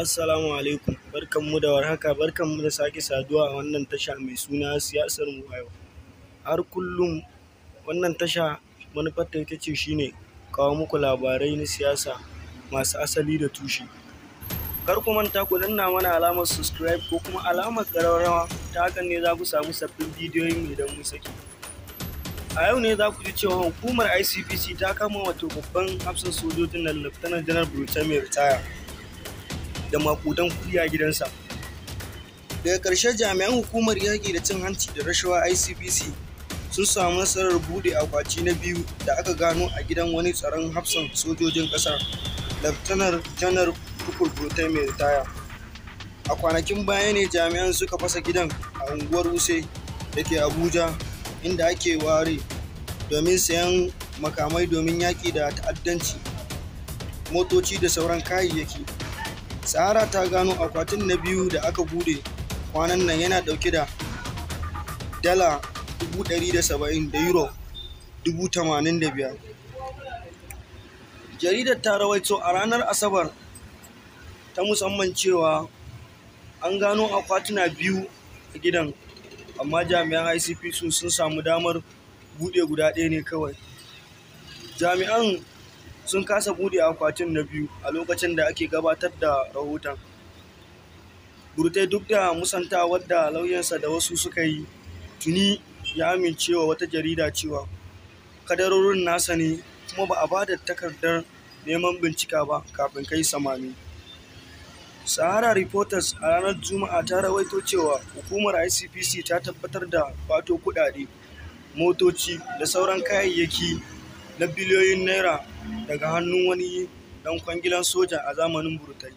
assalamu alaikum barkanmu da warhaka barkanmu da sake saduwa a wannan tasha mai suna siyasar mu yau har kullum wannan tasha manufarta ita ce shine kawo muku labarai na siyasa masu asali da tushe kar ku manta ku danna mana alamar subscribe ko kuma alamar ƙararrawa ta hakan ne za ku samu sabbin bidiyoyin mu idan mun saki a yau ne za ku ji cewa hukumar icpc ta kama wato babban hafsan sojojin nan lieutenant general mai ritaya da makudan kuɗi a gidansa. Daga ƙarshe jami'an hukumar yaƙi da cin hanci da rashawa ICBC sun samu nasarar buɗe akwati na biyu da aka gano a gidan wani tsaron hafsan sojojin ƙasa Laftanar Janar Tukur Burtai mai ritaya. A kwanakin baya ne jami'an suka fasa gidan a unguwar Wuse da ke Abuja inda ake ware domin sayan makamai domin yaƙi da ta'addanci motoci da sauran kayayyaki sahara ta gano akwatin na biyu da aka bude kwanan nan yana dauke da dala 170 da euro 85,000 jaridar ta rawaito a ranar asabar ta musamman cewa an gano akwatuna biyu a gidan amma jami'an icp sun samu damar bude guda ɗaya ne kawai jami'an sun kasa buɗe akwatin na biyu a lokacin da ake gabatar da rahoton burtai duk da musanta wadda lauyansa da wasu suka yi tuni ya amincewa wata jarida cewa kadarorin nasa ne kuma ba a ba da takardar neman bincika ba kafin kai samami sahara reporters a ranar juma'a ta rawaito cewa hukumar icpc ta tabbatar da fato kudade motoci da sauran kayayyaki na biliyoyin naira daga hannun wani dan kwangilan soja a zamanin burtai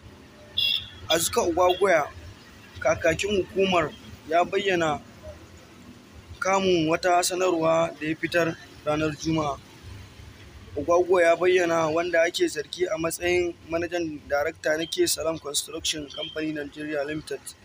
a zuka ugwagwaya kakakin hukumar ya bayyana kamun wata sanarwa da ya fitar ranar juma'a ugwagwa ya bayyana wanda ake zargi a matsayin manajan darakta na K Salam Construction Company Nigeria Limited